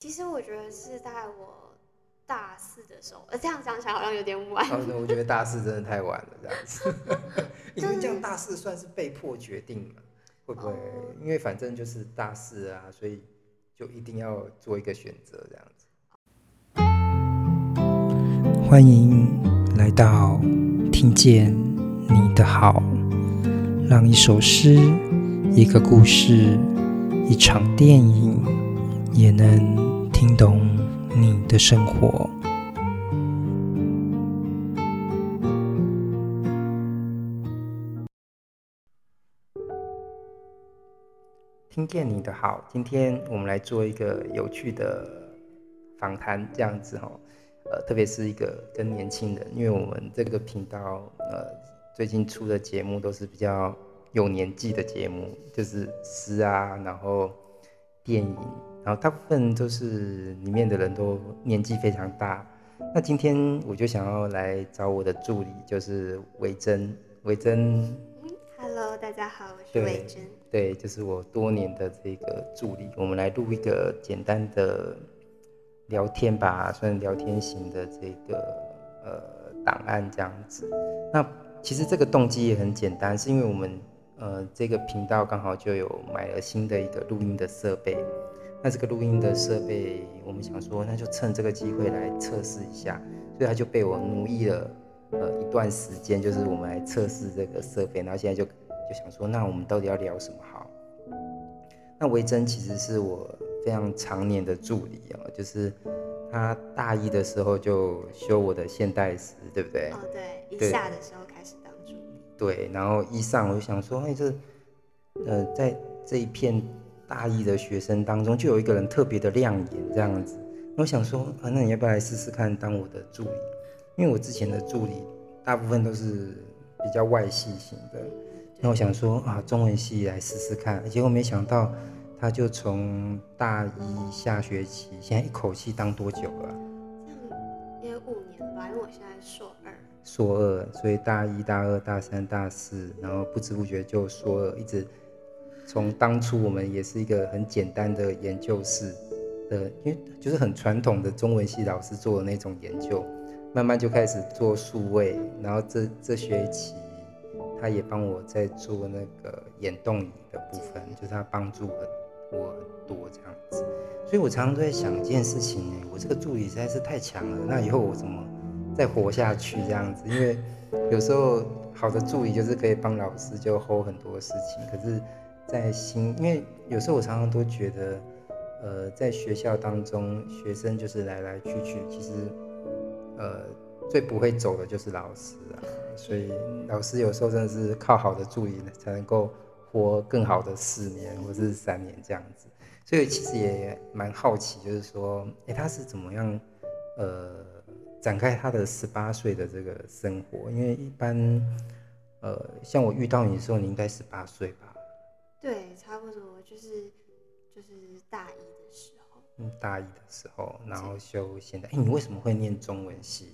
其實我覺得是在我大四的時候，呃，這樣想起來好像有點晚、哦。我覺得大四真的太晚了，這樣子。 就是、因為這樣大四算是被迫決定嘛，會不會、哦？因為反正就是大四啊，所以就一定要做一個選擇，這樣子。歡迎來到聽見你的好，讓一首詩、一個故事、一場電影。也能聽懂你的生活。聽見你的好，今天我們來做一個有趣的訪談，這樣子哈哦。呃，特別是一個跟年輕人，因為我們這個頻道呃最近出的節目都是比較有年紀的節目，就是詩啊，然後電影。大部分都是裡面的人都年紀非常大。那今天我就想要來找我的助理，就是薇臻。薇臻，Hello，大家好，我是薇臻對。對，就是我多年的這個助理。我們來錄一個簡單的聊天吧，算聊天型的這個呃檔案這樣子。那其實這個動機也很簡單，是因為我們呃這個頻道剛好就有買了新的一個錄音的設備。那這個錄音的設備，我們想說，那就趁這個機會來測試一下，所以他就被我奴役了、呃，一段時間，就是我們來測試這個設備。然後現在就就想說，那我們到底要聊什麼好？那薇臻其實是我非常常年的助理啊、喔，就是他大一的時候就修我的現代詩，對不對？哦，對，對一下的時候開始當助理。對，然後一上我就想說，哎、欸，這，呃，在這一片。大一的學生當中就有一個人特別的亮眼，這樣子，那我想說啊，那你要不要來試試看當我的助理？因為我之前的助理大部分都是比較外系型的，那我想說啊，中文系來試試看。結果沒想到他就從大一下學期，現在一口氣當多久了？這樣也五年吧，因為我現在碩二。碩二，所以大一大二大三大四，然後不知不覺就碩二，一直。從當初我們，也是一個很簡單的研究室的，因為就是很傳統的中文系老師做的那種研究，慢慢就開始做數位，然後這這學期他也幫我在做那個眼動的部分，就是他幫助我很多這樣子，所以我常常都在想一件事情，我這個助理實在是太強了，那以後我怎麼再活下去這樣子？因為有時候好的助理就是可以幫老師就 hold 很多事情，可是。在心，因為有時候我常常都覺得，呃，在學校當中，學生就是來來去去，其實，呃，最不會走的就是老師啊。所以，老師有時候真的是靠好的助理才能夠活更好的四年或是三年這樣子。所以，其實也蠻好奇，就是說，誒、欸，他是怎麼樣，呃，展開他的十八歲的這個生活？因為一般，呃，像我遇到你的時候，你應該十八歲吧？對，差不多就是就是大一的時候。嗯，大一的時候，然後修現在。哎，你為什麼會念中文系？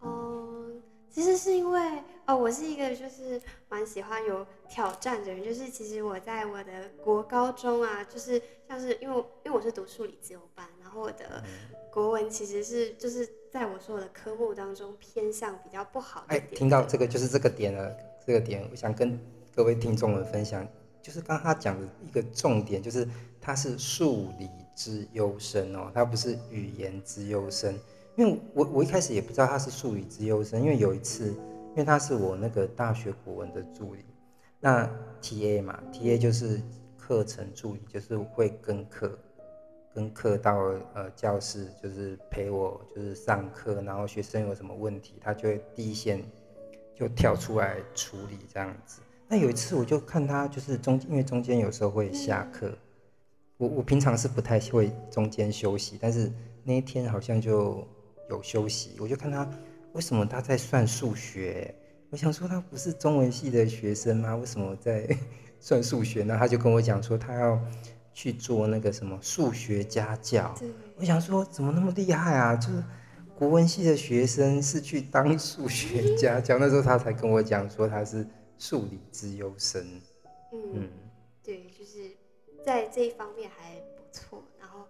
嗯，其實是因為哦，我是一個就是蠻喜歡有挑戰的人。就是其實我在我的國高中啊，就是像是因為因為我是讀數理資優班，然後我的國文其實是就是在我所有的科目當中偏向比較不好的。哎，聽到這個就是這個點了，這個點我想跟各位聽眾們分享。就是剛剛他講的一個重點，就是他是數理資優生哦，他不是語言資優生。因為我我一開始也不知道他是數理資優生，因為有一次，因為他是我那個大學國文的助理，那 T A 嘛，T A 就是課程助理，就是會跟課，跟課到呃教室，就是陪我就是上課，然後學生有什麼問題，他就會第一線就跳出來處理這樣子。那有一次，我就看他，就是中，因為中間有時候會下課，我我平常是不太會中間休息，但是那一天好像就有休息，我就看他為什麼他在算數學，我想說他不是中文系的學生嗎？為什麼在算數學？然後他就跟我講說他要去做那個什麼數學家教，我想說怎麼那麼厲害啊？就是國文系的學生是去當數學家教，那時候他才跟我講說他是。數理資優生嗯，嗯，對，就是在這一方面還不錯，然後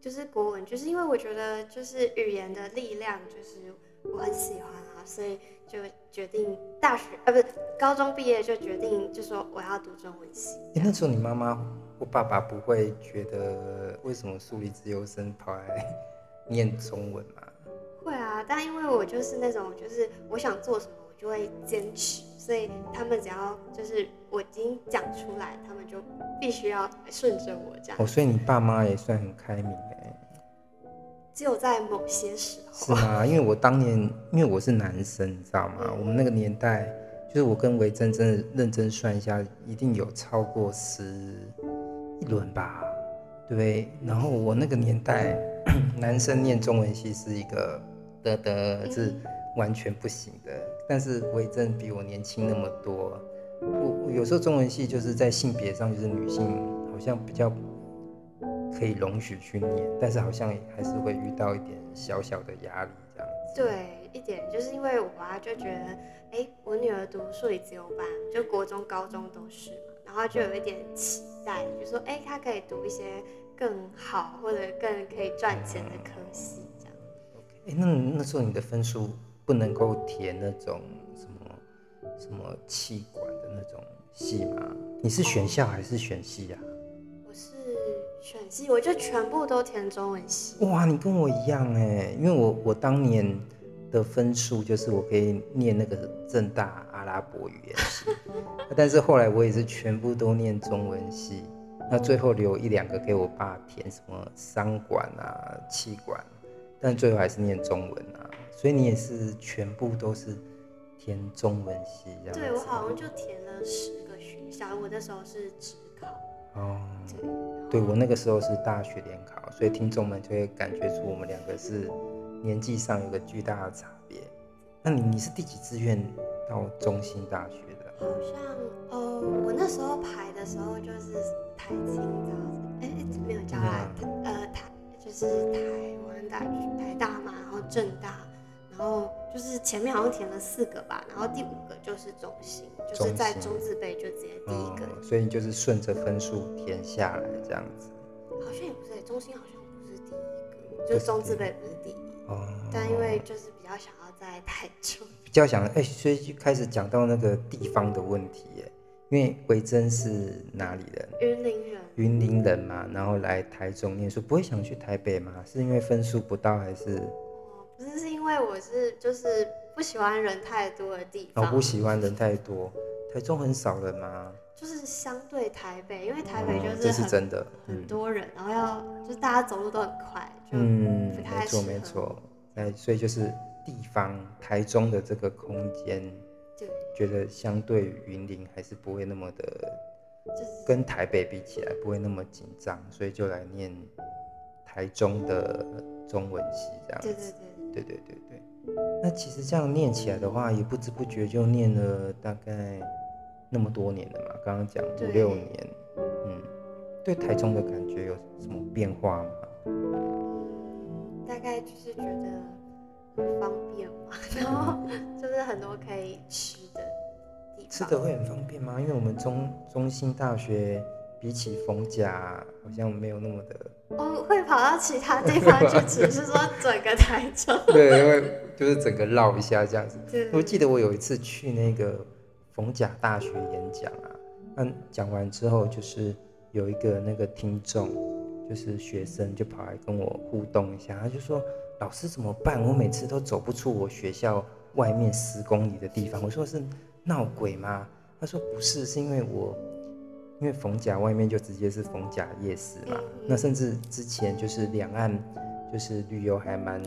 就是國文，就是因為我覺得就是語言的力量，就是我很喜歡啊，所以就決定大學啊，不是高中畢業就決定就說我要讀中文系。欸，那時候你媽媽或爸爸不會覺得為什麼數理資優生跑來念中文啊？會啊，但因為我就是那種就是我想做什麼。就會堅持，所以他們只要就是我已經講出來，他們就必須要順着我這樣。哦，所以你爸媽也算很開明的。只有在某些時候。是嗎？因為我當年因為我是男生，你知道嗎？嗯、我們那個年代，就是我跟薇臻真的認真算一下，一定有超過十一輪吧。對，然後我那個年代，嗯、男生念中文系是一個得得是完全不行的。但是我也真的比我年輕那麼多我，我有時候中文系就是在性別上就是女性好像比較可以容許去念，但是好像還是會遇到一點小小的壓力這樣子。對，一點就是因為我媽、啊、就覺得，哎、欸，我女兒讀數理資優班，就國中、高中都是嘛，然後就有一點期待，就是、說，哎、欸，她可以讀一些更好或者更可以賺錢的科系這樣。哎、嗯 okay. 欸，那那時候你的分數？不能夠填那種什麼什麼氣管的那種系嗎？你是選校還是選系啊？我是選系，我就全部都填中文系。哇，你跟我一樣哎，因為我我當年的分數就是我可以念那個政大阿拉伯語言系， 但是後來我也是全部都念中文系，那最後留一兩個給我爸填什麼三管啊氣管啊。但最後還是念中文啊，所以你也是全部都是填中文系這樣。對我好像就填了十個學校，我那時候是指考。哦。對哦，我那個時候是大學聯考，所以聽眾們就會感覺出我們兩個是年紀上有個巨大的差別。那你你是第幾志願到中興大學的？好像哦、呃，我那時候排的時候就是台清，哎，欸欸、沒有叫啦、嗯，呃，台。是台灣大台，台大嘛，然後政大，然後就是前面好像填了四個吧，然後第五個就是中興，就是在中字輩就直接第一個。嗯、所以你就是順着分數填下來這樣子。好像也不是、欸，中興好像不是第一個，就是中字輩不是第一哦。哦。但因為就是比較想要在台中。比較想哎、欸，所以就開始講到那個地方的問題耶、欸。因為薇臻是哪裡人？雲林人。雲林人嘛，然後來台中念書，不會想去台北嗎？是因為分數不到，還是？哦，不是，是因為我是就是不喜歡人太多的地方。我、哦、不喜歡人太多，台中很少人嗎？就是相對台北，因為台北就是、哦、這是真的、嗯、很多人，然後要就是大家走路都很快，就嗯，沒錯沒錯，誒，所以就是地方台中的這個空間，就覺得相對雲林還是不會那麼的。跟台北比起來不會那麼緊張，所以就來念台中的中文系這樣子對對對對,對對對對。那其實這樣念起來的話，也不知不覺就念了大概那麼多年了嘛。剛剛講五六年，嗯。對台中的感覺有什麼變化嗎？大概就是覺得很方便嘛，然後就是很多可以吃的。吃的會很方便嗎？因為我們中中心大學比起逢甲好像沒有那麼的，我會跑到其他地方去，只、哦就是說整個台中。對，因為就是整個繞一下這樣子。我記得我有一次去那個逢甲大學演講啊，那講完之後就是有一個那個聽眾，就是學生就跑來跟我互動一下，他就說老師怎麼辦？我每次都走不出我學校外面十公里的地方。我說是。鬧鬼嗎？他說不是，是因為我，因為逢甲外面就直接是逢甲夜市嘛。那甚至之前就是兩岸就是旅遊還蠻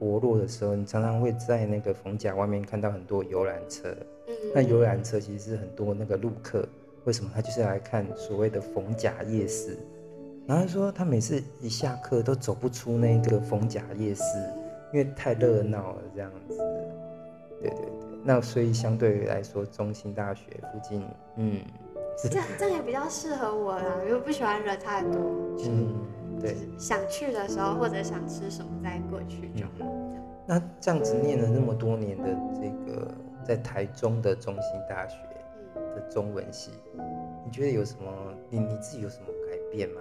熱絡的時候，你常常會在那個逢甲外面看到很多遊覽車。那遊覽車其實是很多那個陸客，為什麼他就是來看所謂的逢甲夜市？然後他說他每次一下課都走不出那個逢甲夜市，因為太熱鬧了這樣子。對對對。那所以相對於來說，中興大學附近，嗯， 這樣這樣也比較適合我啦，因為我不喜歡人太多。嗯，對、就是。想去的時候、嗯、或者想吃什麼再過去就、嗯。那這樣子念了那麼多年的這個在台中的中興大學的中文系，你覺得有什麼？你你自己有什麼改變嗎？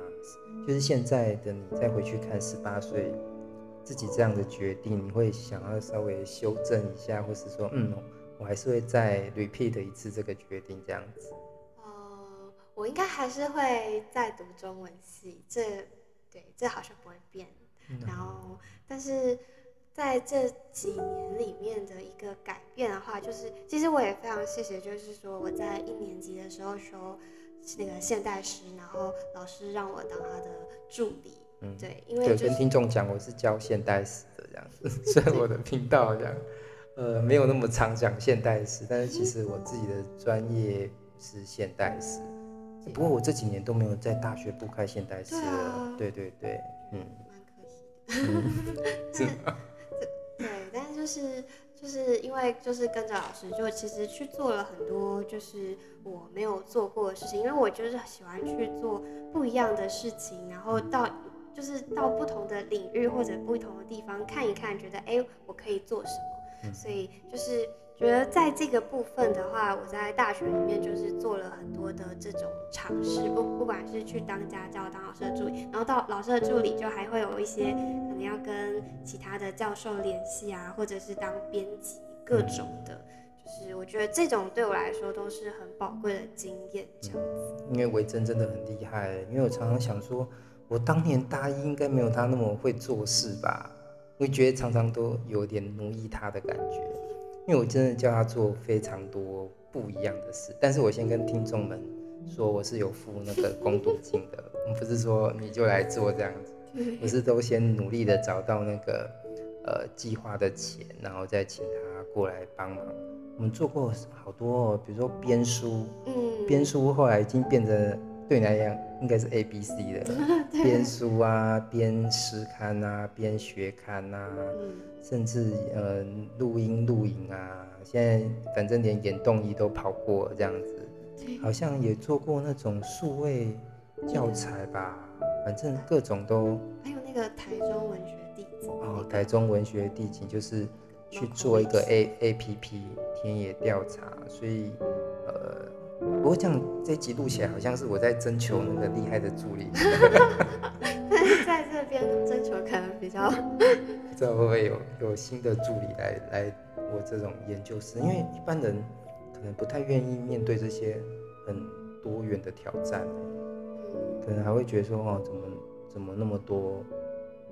就是現在的你再回去看十八歲。自己這樣的決定，你會想要稍微修正一下，或是說，嗯，我還是會再 repeat 一次這個決定這樣子。哦、uh，我應該還是會再讀中文系，這，對，這好像不會變。Uh-huh. 然後，但是在這幾年裡面的一個改變的話，就是其實我也非常謝謝，就是說我在一年級的時候說是那個現代詩，然後老師讓我當他的助理。嗯，對，因為有、就是、跟聽眾講我是教現代史的這樣子，雖然我的頻道這樣，呃，沒有那麼常講現代史，但是其實我自己的專業是現代史，不過我這幾年都沒有在大學不開現代史了，對、啊、對，對對，嗯，蠻可惜的。這、嗯、這 對，但是就是就是因為就是跟着老師，就其實去做了很多就是我沒有做過的事情，因為我就是喜歡去做不一樣的事情，然後到，嗯就是到不同的領域或者不同的地方看一看，覺得哎、欸，我可以做什麼、嗯？所以就是覺得在這個部分的話，我在大學裡面就是做了很多的這種嘗試，不不管是去當家教、當老師的助理，然後到老師的助理就還會有一些可能要跟其他的教授聯繫啊，或者是當編輯各種的、嗯，就是我覺得這種對我來說都是很寶貴的經驗。這樣子，因為薇臻真，真的很厲害，因為我常常想說，我當年大一應該沒有他那麼會做事吧？我覺得常常都有點奴役他的感覺，因為我真的叫他做非常多不一樣的事。但是我先跟聽眾們說，我是有付那個工讀金的， 我們不是說你就來做這樣子，我是都先努力的找到那個呃計劃的錢，然後再請他過來幫忙。我們做過好多哦，比如說編書，嗯、編書後來已經變成。對你來講，應該是 A、B、C 的，編書啊，編詩刊啊，編學刊啊，嗯、甚至呃錄音、錄影啊，現在反正連眼動儀都跑過這樣子，好像也做過那種數位教材吧、啊，反正各種都。還有那個台中文學地哦、啊，台中文學地景就是去做一個 A A P P 田野調查，所以呃。不過這樣這一集錄起來好像是我在徵求那個厲害的助理，但 是 在這邊徵求可能比較，不知道會不會有有新的助理來來我這種研究室，因為一般人可能不太願意面對這些很多元的挑戰，可能還會覺得說，哦，怎麼怎麼那麼多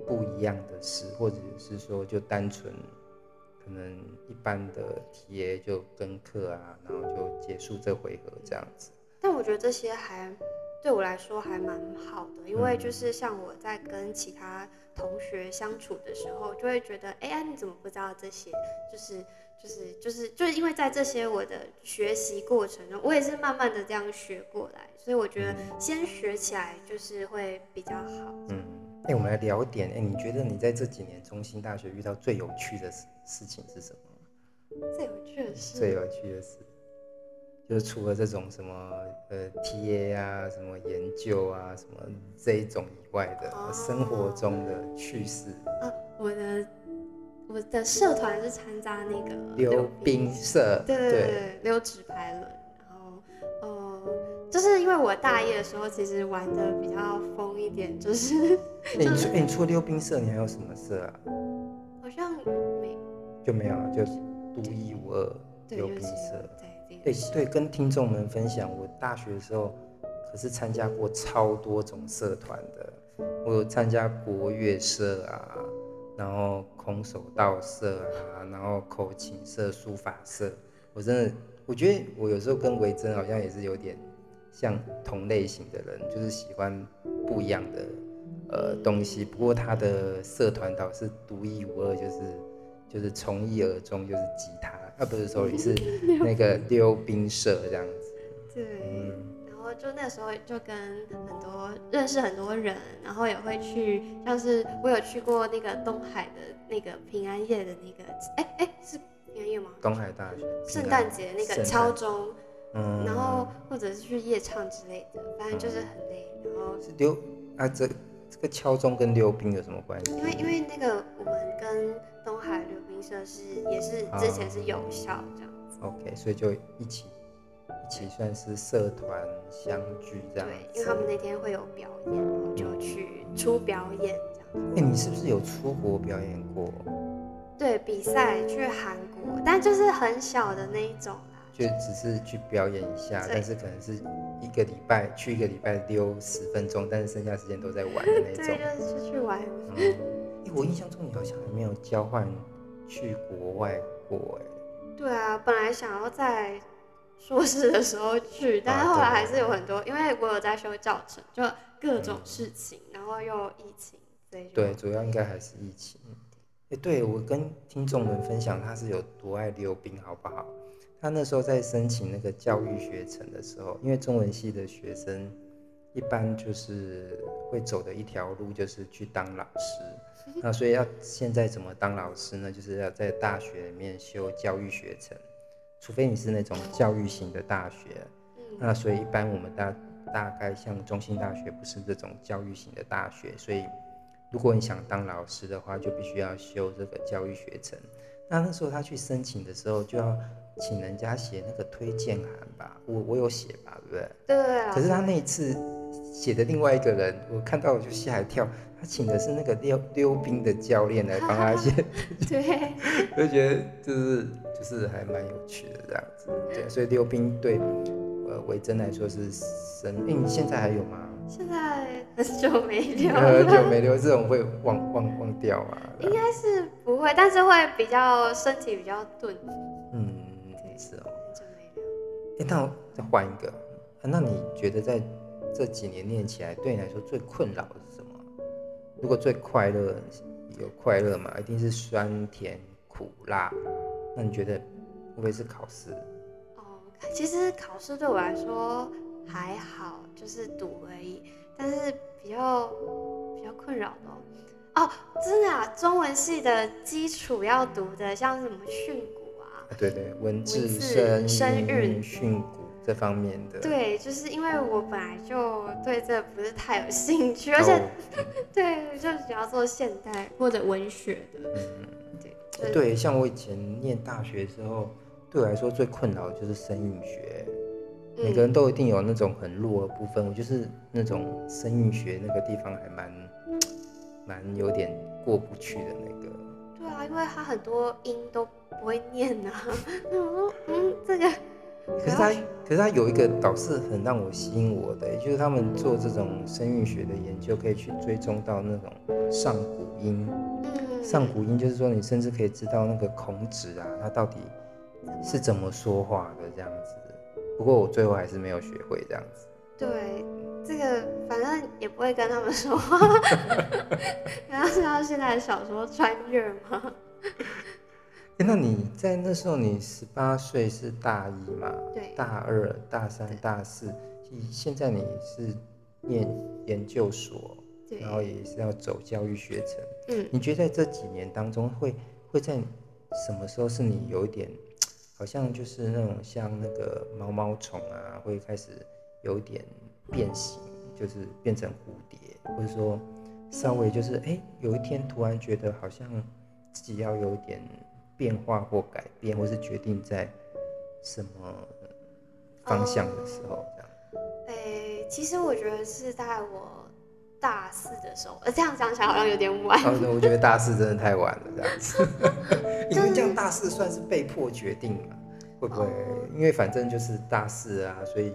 不一樣的事，或者是說就單純。可能一般的 TA 就跟課啊，然後就結束這回合這樣子。但我覺得這些還對我來說還蠻好的，因為就是像我在跟其他同學相處的時候，就會覺得，哎呀，啊，你怎麼不知道這些？就是就是就是就是因為在這些我的學習過程中，我也是慢慢的這樣學過來，所以我覺得先學起來就是會比較好。嗯。哎、欸，我們來聊點哎、欸，你覺得你在這幾年中興大學遇到最有趣的事事情是什麼？最有趣的事，最有趣的事，就是除了這種什麼呃 TA 啊、什麼研究啊、什麼這一種以外的，生活中的趣事、哦嗯、啊。我的我的社團是參加那個溜冰，冰社，對對對對對，溜直排輪。就是因為我大一的時候，其實玩的比較瘋一點就、欸，就是。你、欸、出、就是欸、你出溜冰社，你還有什麼社啊？好像沒。就沒有就獨一無二溜冰社。對、就是對，對，對，這個、對，對，跟聽眾們分享，我大學的時候可是參加過超多種社團的。我有參加國樂社啊，然後空手道社啊，然後口琴社、書法社。我真的，我覺得我有時候跟薇臻好像也是有點。像同類型的人，就是喜歡不一樣的、呃、東西。不過他的社團倒是獨一無二、就是，就是就是從一而終，就是吉他啊，不是，sorry，是那個溜冰社這樣子。 對、嗯，然後就那時候就跟很多認識很多人，然後也會去，像是我有去過那個東海的那個平安夜的那個，哎哎，是平安夜嗎？東海大學聖誕節、啊、那個敲鐘。嗯，然後或者是去夜唱之類的，反正就是很累。嗯、然後是溜啊，這這個敲鐘跟溜冰有什麼關係？因為因為那個我們跟東海溜冰社是也是之前是有效的這樣子、啊。OK，所以就一起一起算是社團相聚這樣。對，因為他們那天會有表演，然後就去出表演哎、嗯欸，你是不是有出國表演過？對，比賽去韓國，但就是很小的那一種。就只是去表演一下，但是可能是一個禮拜去一個禮拜溜十分鐘，但是剩下時間都在玩的那種。對，就是出去玩、嗯欸。我印象中你好像還沒有交換去國外過哎。對啊，本來想要在碩士的時候去，但是後來還是有很多，因為我有在修教程，就各種事情，嗯、然後又疫情所以。對，主要應該還是疫情。對，我跟聽眾們分享他是有多愛溜冰，好不好？他那時候在申請那個教育學程的時候，因為中文系的學生一般就是會走的一條路就是去當老師，那所以要現在怎麼當老師呢？就是要在大學裡面修教育學程，除非你是那種教育型的大學，那所以一般我們大大概像中興大學不是這種教育型的大學，所以如果你想當老師的話，就必須要修這個教育學程。那那時候他去申請的時候，就要請人家寫那個推薦函吧，我我有寫吧，對不對？對啊。可是他那一次寫的另外一個人，我看到我就嚇一跳，他請的是那個溜溜冰的教練來幫他寫， 對， 我就覺得就是就是還蠻有趣的這樣子，對，所以溜冰對。呃，薇臻來說是生病、嗯，現在還有嗎？現在很久沒丟、啊，很久沒丟，這種會忘忘忘掉啊，應該是不會，但是會比較身體比較鈍。嗯，是哦、喔，欸，那我再換一個，那你覺得在這幾年念起來，對你來說最困擾的是什麼？如果最快樂，有快樂嘛，一定是酸甜苦辣，那你覺得會不會是考試？其實考試對我來說還好，就是讀而已。但是比較比較困擾的，哦，真的啊，中文系的基礎要讀的，像什麼訓詁啊，啊對對，文字身、聲韻、訓詁、嗯、這方面的。對，就是因為我本來就對這不是太有興趣，嗯、而且、嗯、對，就只要做現代或者文學的。嗯、對對，像我以前念大學的時候。對我來說最困擾的就是聲韻學，每個人都一定有那種很弱的部分，我、嗯、就是那種聲韻學那個地方還蠻蠻、嗯、有點過不去的那個。對啊，因為他很多音都不會念啊，那 我說嗯這個，可是他可，可是他有一個導師很讓我吸引我的，就是他們做這種聲韻學的研究，可以去追蹤到那種上古音、嗯，上古音就是說你甚至可以知道那個孔子啊，他到底。是怎麼說話的這樣子？不過我最後還是沒有學會這樣子。對，這個反正也不會跟他們說話。難道是要現在的小說穿越嗎？那你在那時候，你十八歲是大一嘛？對，大二、大三、大四。以現在你是念研究所，然後也是要走教育學程。嗯，你覺得在這幾年當中會，會會在什麼時候是你有一點？好像就是那種像那個毛毛蟲啊，會開始有點變形，就是變成蝴蝶，或者說稍微就是哎、嗯欸，有一天突然覺得好像自己要有點變化或改變，或是決定在什麼方向的時候，嗯、這樣。誒、欸，其實我覺得是在我。大四的時候，呃，這樣想起來好像有點晚哦。對，我覺得大四真的太晚了，這樣子 ，就是。因為這樣大四算是被迫決定了，會不會哦？因為反正就是大四啊，所以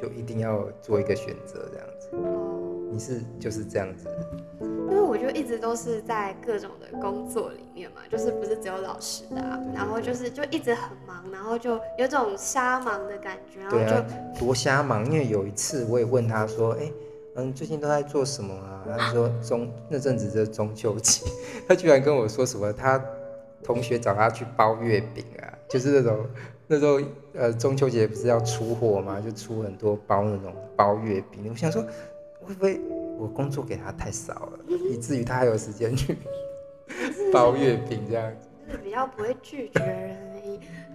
就一定要做一個選擇，這樣子。哦。你是就是這樣子的。因為我就一直都是在各種的工作裡面嘛，就是不是只有老師的，啊對對對，然後就是就一直很忙，然後就有這種瞎忙的感覺。對啊，多瞎忙！因為有一次我也問他說，哎、欸。嗯，最近都在做什麼啊？他說中那陣子是中秋節，他居然跟我說什麼，他同學找他去包月餅啊，就是那種那時候呃中秋節不是要出貨嘛，就出很多包那種包月餅。我想說，會不會我工作給他太少了，以 至於他還有時間去包月餅這樣子？就是，是比較不會拒絕人。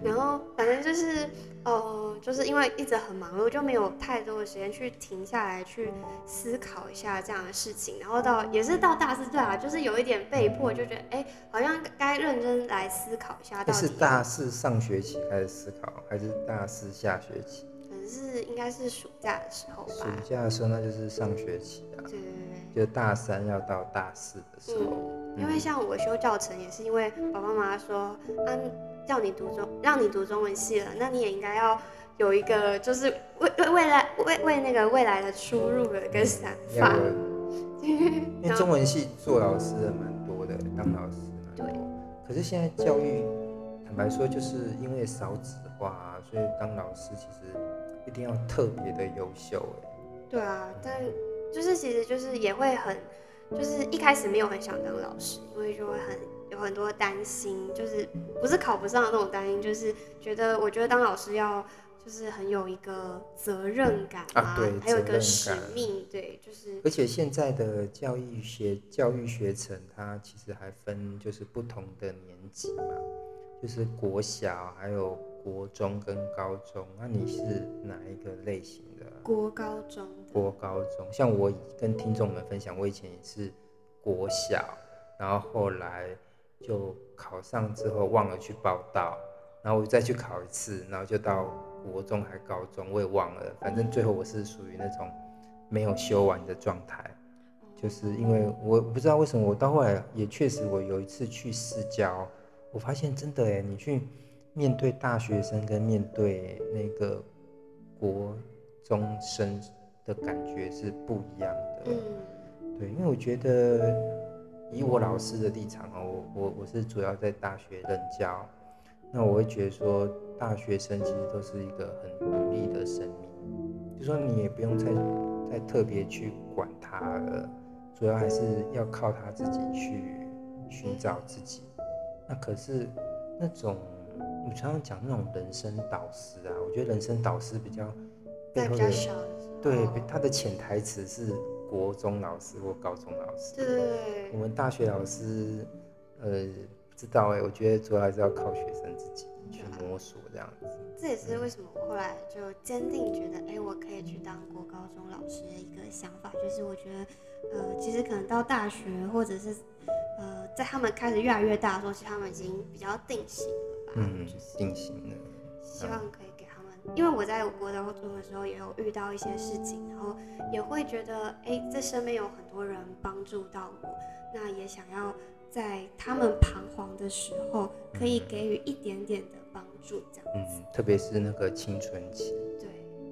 然後反正就是，呃、哦，就是因為一直很忙，我就沒有太多的時間去停下來去思考一下這樣的事情。然後到也是到大四了啊，就是有一點被迫，就覺得哎，好像該認真來思考一下到底。是大四上學期開始思考，還是大四下學期？可能是應該是暑假的時候吧。暑假的時候那就是上學期啊。對對對對。就大三要到大四的時候、嗯嗯，因為像我修教程也是因為爸爸媽媽說、嗯讓你讀中，讓你讀中文系了，那你也應該要有一個，就是未未未來未未那個未來的出入的跟想法、嗯嗯嗯。因為中文系做老師的蠻多的，當老師蠻多的，對，可是現在教育，坦白說，就是因為少子化、啊，所以當老師其實一定要特別的優秀。對啊，但就是其實就是也會很，就是一開始沒有很想當老師，因為就會很。有很多擔心，就是不是考不上的那種擔心，就是覺得我覺得當老師要就是很有一個責任感啊，啊對，責任感，還有一個使命，對，就是。而且現在的教育學教育學程它其實還分就是不同的年級嘛，就是國小還有國中跟高中，那你是哪一個類型的？國高中，國高中。像我跟聽眾們分享，我以前也是國小，然後後來。就考上之後忘了去報到，然後我再去考一次，然後就到國中還高中我也忘了，反正最後我是屬於那種沒有修完的狀態，就是因為我不知道為什麼我到後來也確實我有一次去試教，我發現真的哎，你去面對大學生跟面對那個國中生的感覺是不一樣的，對，因為我覺得。以我老師的立場哦，我我我是主要在大學任教，那我會覺得說，大學生其實都是一個很獨立的生命，就是、說你也不用再再特別去管他了，主要還是要靠他自己去尋找自己。那可是那種，我常常講那種人生導師啊，我覺得人生導師比較背後的，比較少，對，他的潛台詞是。國中老師或高中老師，對，對，我們大學老師，呃，不知道哎，我覺得主要還是要靠學生自己去摸索這樣子。這也是為什麼我後來就堅定覺得，哎、嗯，欸，我可以去當國高中老師的一個想法，就是我覺得，呃，其實可能到大學或者是，呃，在他們開始越來越大的時候，其實他們已經比較定型了吧？嗯，定型了。希望可以。嗯因為我在我的工作的時候也有遇到一些事情，然後也會覺得，哎，這身邊有很多人幫助到我，那也想要在他們彷徨的時候可以給予一點點的幫助，嗯、這樣子。嗯，特別是那個青春期。對，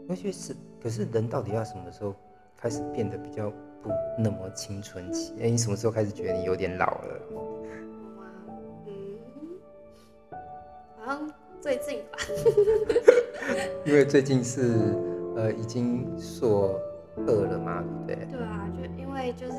尤其是，可是人到底要什麼時候開始變得比較不那麼青春期？哎，你什麼時候開始覺得你有點老了？最近吧， 因為最近是，呃，已經碩二了嘛，對不對？對啊，就因為就是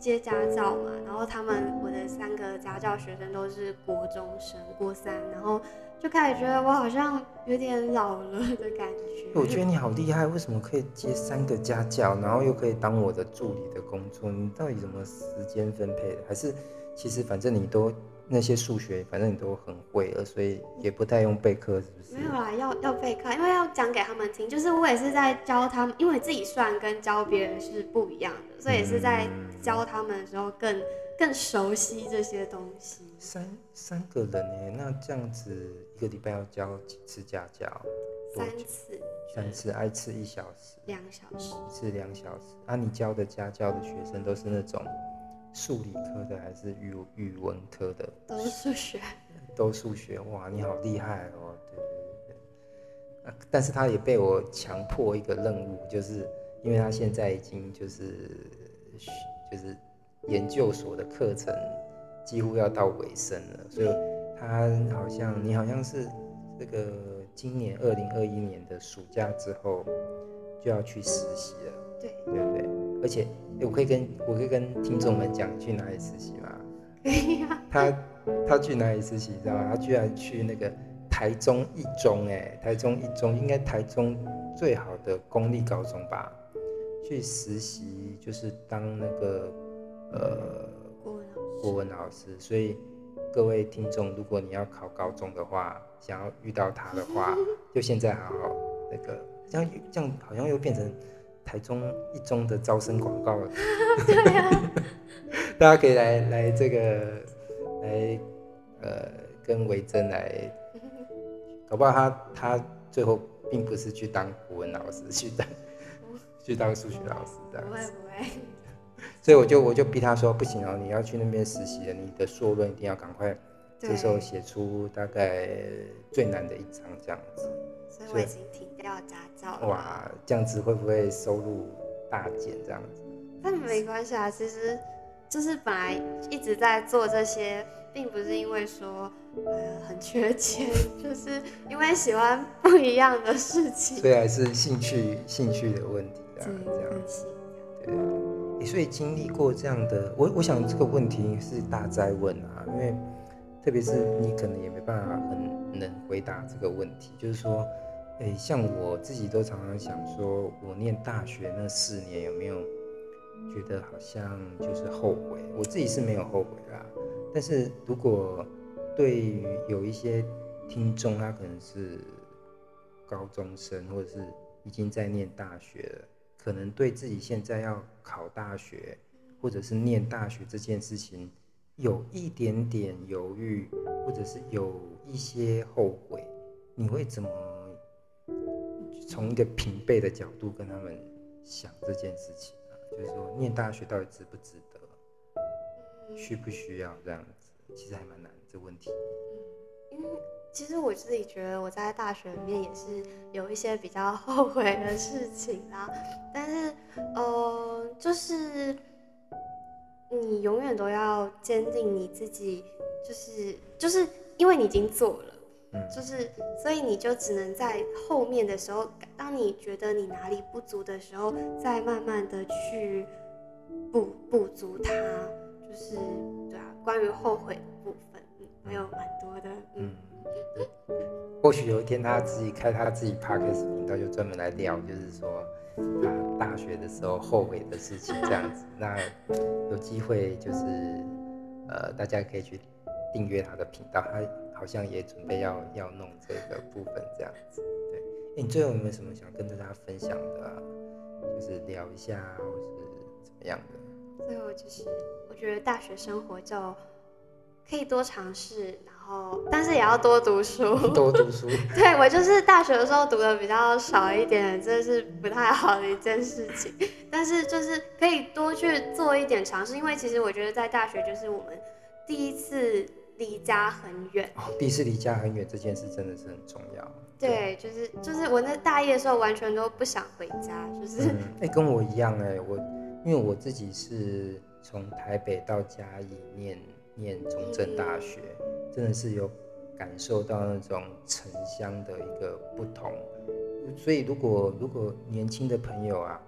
接家教嘛，然後他們，我的三個家教學生都是國中生，國三，然後就開始覺得我好像有點老了的感覺。我覺得你好厲害，為什麼可以接三個家教，然後又可以當我的助理的工作？你到底怎麼時間分配的？還是其實反正你都那些數學，反正你都很會了，而所以也不太用備課，是不是、嗯？沒有啦，要要備課，因為要講給他們聽。就是我也是在教他們，因為自己算跟教別人是不一樣的、嗯，所以也是在教他們的時候更更熟悉這些東西。三三個人呢、欸？那這樣子一個禮拜要教幾次家教？三次，三次，對、啊、一次一小時，兩小時，一次兩小時。那、啊、你教的家教的學生都是那種？數理科的還是語語文科的？都數學，都數學。哇，你好厲害哦！對對對對，啊，但是他也被我強迫一個任務，就是因為他現在已經就是就是研究所的課程幾乎要到尾聲了，所以他好像你好像是這個今年二零二一年的暑假之後就要去實習了。對對對，而且，哎，我可以跟我可以跟聽眾們講，去哪裡實習嗎？他他去哪裡實習？知道嗎？他居然去那個台中一中，哎，台中一中應該台中最好的公立高中吧？去實習就是當那個呃，國文老師。國文老師。所以各位聽眾，如果你要考高中的話，想要遇到他的話，就現在好好那個，這樣這樣好像又變成。台中一中的招生廣告了， 對呀、啊， 大家可以來來這個來，呃，跟薇臻來，搞不好他他最後並不是去當古文老師，去當去當數學老師的，不會不會 所以我就我就逼他說不行，哦，你要去那邊實習了，你的碩論一定要趕快。這時候寫出大概最難的一場這樣子，所以我已經停掉家教了。哇，這樣子會不會收入大減這樣子？但沒關係啊，其實就是本來一直在做這些，並不是因為說、呃、很缺錢， 就是因為喜歡不一樣的事情。所以還是興趣興趣的問題啊，嗯、這樣。對，所以經歷過這樣的，我我想這個問題是大哉問啊，因為。特別是你可能也沒辦法很能回答這個問題，就是說，哎，像我自己都常常想說，我念大學那四年有沒有覺得好像就是後悔？我自己是沒有後悔啦。但是如果對於有一些聽眾，他可能是高中生，或者是已經在念大學了，可能對自己現在要考大學，或者是念大學這件事情有一點點猶豫，或者是有一些後悔，你會怎麼從一個平輩的角度跟他們想這件事情啊？就是說，念大學到底值不值得，需不需要這樣子？其實還蠻難的，這個問題。嗯，因為其實我自己覺得，我在大學裡面也是有一些比較後悔的事情啊， 但是呃，就是。你永遠都要堅定你自己，就是，就是就是，因為你已經做了，嗯，就是，所以你就只能在後面的時候，當你覺得你哪裡不足的時候，再慢慢的去補補足它，就是對啊，關於後悔的部分，嗯嗯、還有蠻多的，嗯，嗯或許有一天他自己開他自己 Podcast 頻道，就專門來聊，就是說。他、啊、大學的時候後悔的事情，這樣子。 那有機會就是，呃，大家可以去訂閱他的頻道，他好像也準備要要弄這個部分，這樣子。對，哎、欸，你最後有沒有什麼想跟大家分享的、啊？就是聊一下，或是怎麼樣的？最後就是，我覺得大學生活就可以多嘗試，然後。哦，但是也要多讀書，多讀書。 對，我就是大學的時候讀的比較少一點，這是不太好的一件事情。但是就是可以多去做一點嘗試，因為其實我覺得在大學就是我們第一次離家很遠，哦、第一次離家很遠這件事真的是很重要。對，對就是就是我那大一的時候完全都不想回家，就是哎、嗯欸、跟我一樣哎、欸，我因為我自己是從台北到家裡面。念中正大學、嗯，真的是有感受到那種城鄉的一個不同。所以如果如果，年輕的朋友啊，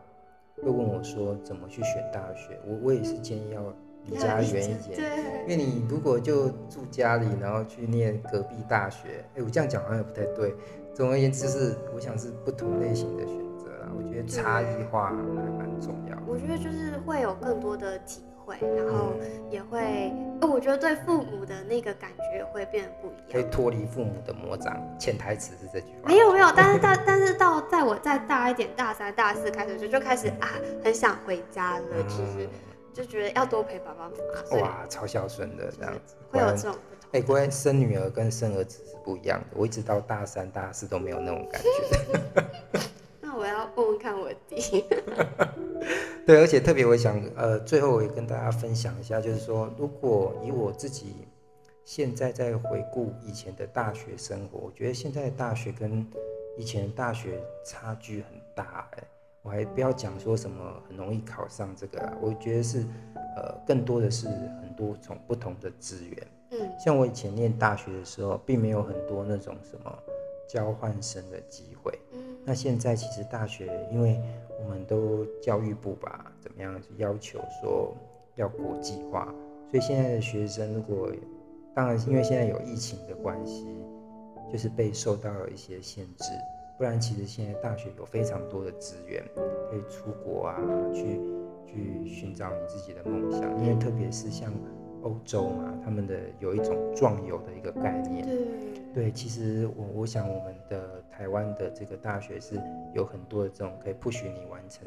會問我說，怎麼去選大學，我我也是建議要離家遠一點，對，因為你如果就住家裡，然後去念隔壁大學，哎、欸，我這樣講好像也不太對。總而言之是，我想是不同類型的選擇啦，我覺得差異化還蠻重要的。我覺得就是會有更多的體會，然後也會、哦，我覺得對父母的那個感覺會變得不一樣，可以脫離父母的魔掌。潛台詞是這句話。沒有沒有，但是到但,但是到，在我再大一點，大三大四開始就就開始啊，很想回家了。嗯、其實就覺得要多陪爸爸媽媽。哇，超孝順的這樣子。就是、會有這種不同，哎、欸，果然生女兒跟生兒子是不一樣的。我一直到大三大四都沒有那種感覺。 問問看我弟， 對，而且特別，我想呃，最後我也跟大家分享一下，就是說，如果以我自己現在在回顧以前的大學生活，我覺得現在的大學跟以前的大學差距很大哎，欸。我還不要講說什麼很容易考上這個啊，我覺得是呃，更多的是很多種不同的資源，嗯，像我以前念大學的時候，並沒有很多那種什麼交換生的機會。那現在其實大學，因為我們都教育部吧，怎麼樣要求說要國際化，所以現在的學生如果，當然因為現在有疫情的關係，就是被受到了一些限制，不然其實現在大學有非常多的資源可以出國啊，去去尋找你自己的夢想，因為特別是像歐洲嘛，他們的有一種壯遊的一個概念。對，其實我我想我們的台灣的這個大學是有很多的這種可以不許你完成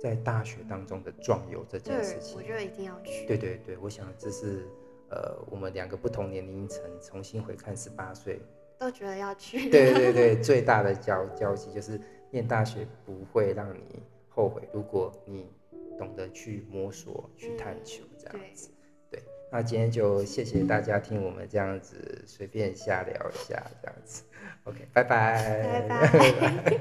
在大學當中的壯遊這件事情。我覺得一定要去。對對對，我想這是呃我們兩個不同年齡層重新回看十八歲都覺得要去。對對對，最大的交交集就是念大學不會讓你後悔，如果你懂得去摸索、去探求、嗯、這樣子。那今天就謝謝大家聽我們這樣子隨便瞎聊一下，這樣子，OK，拜拜，拜拜。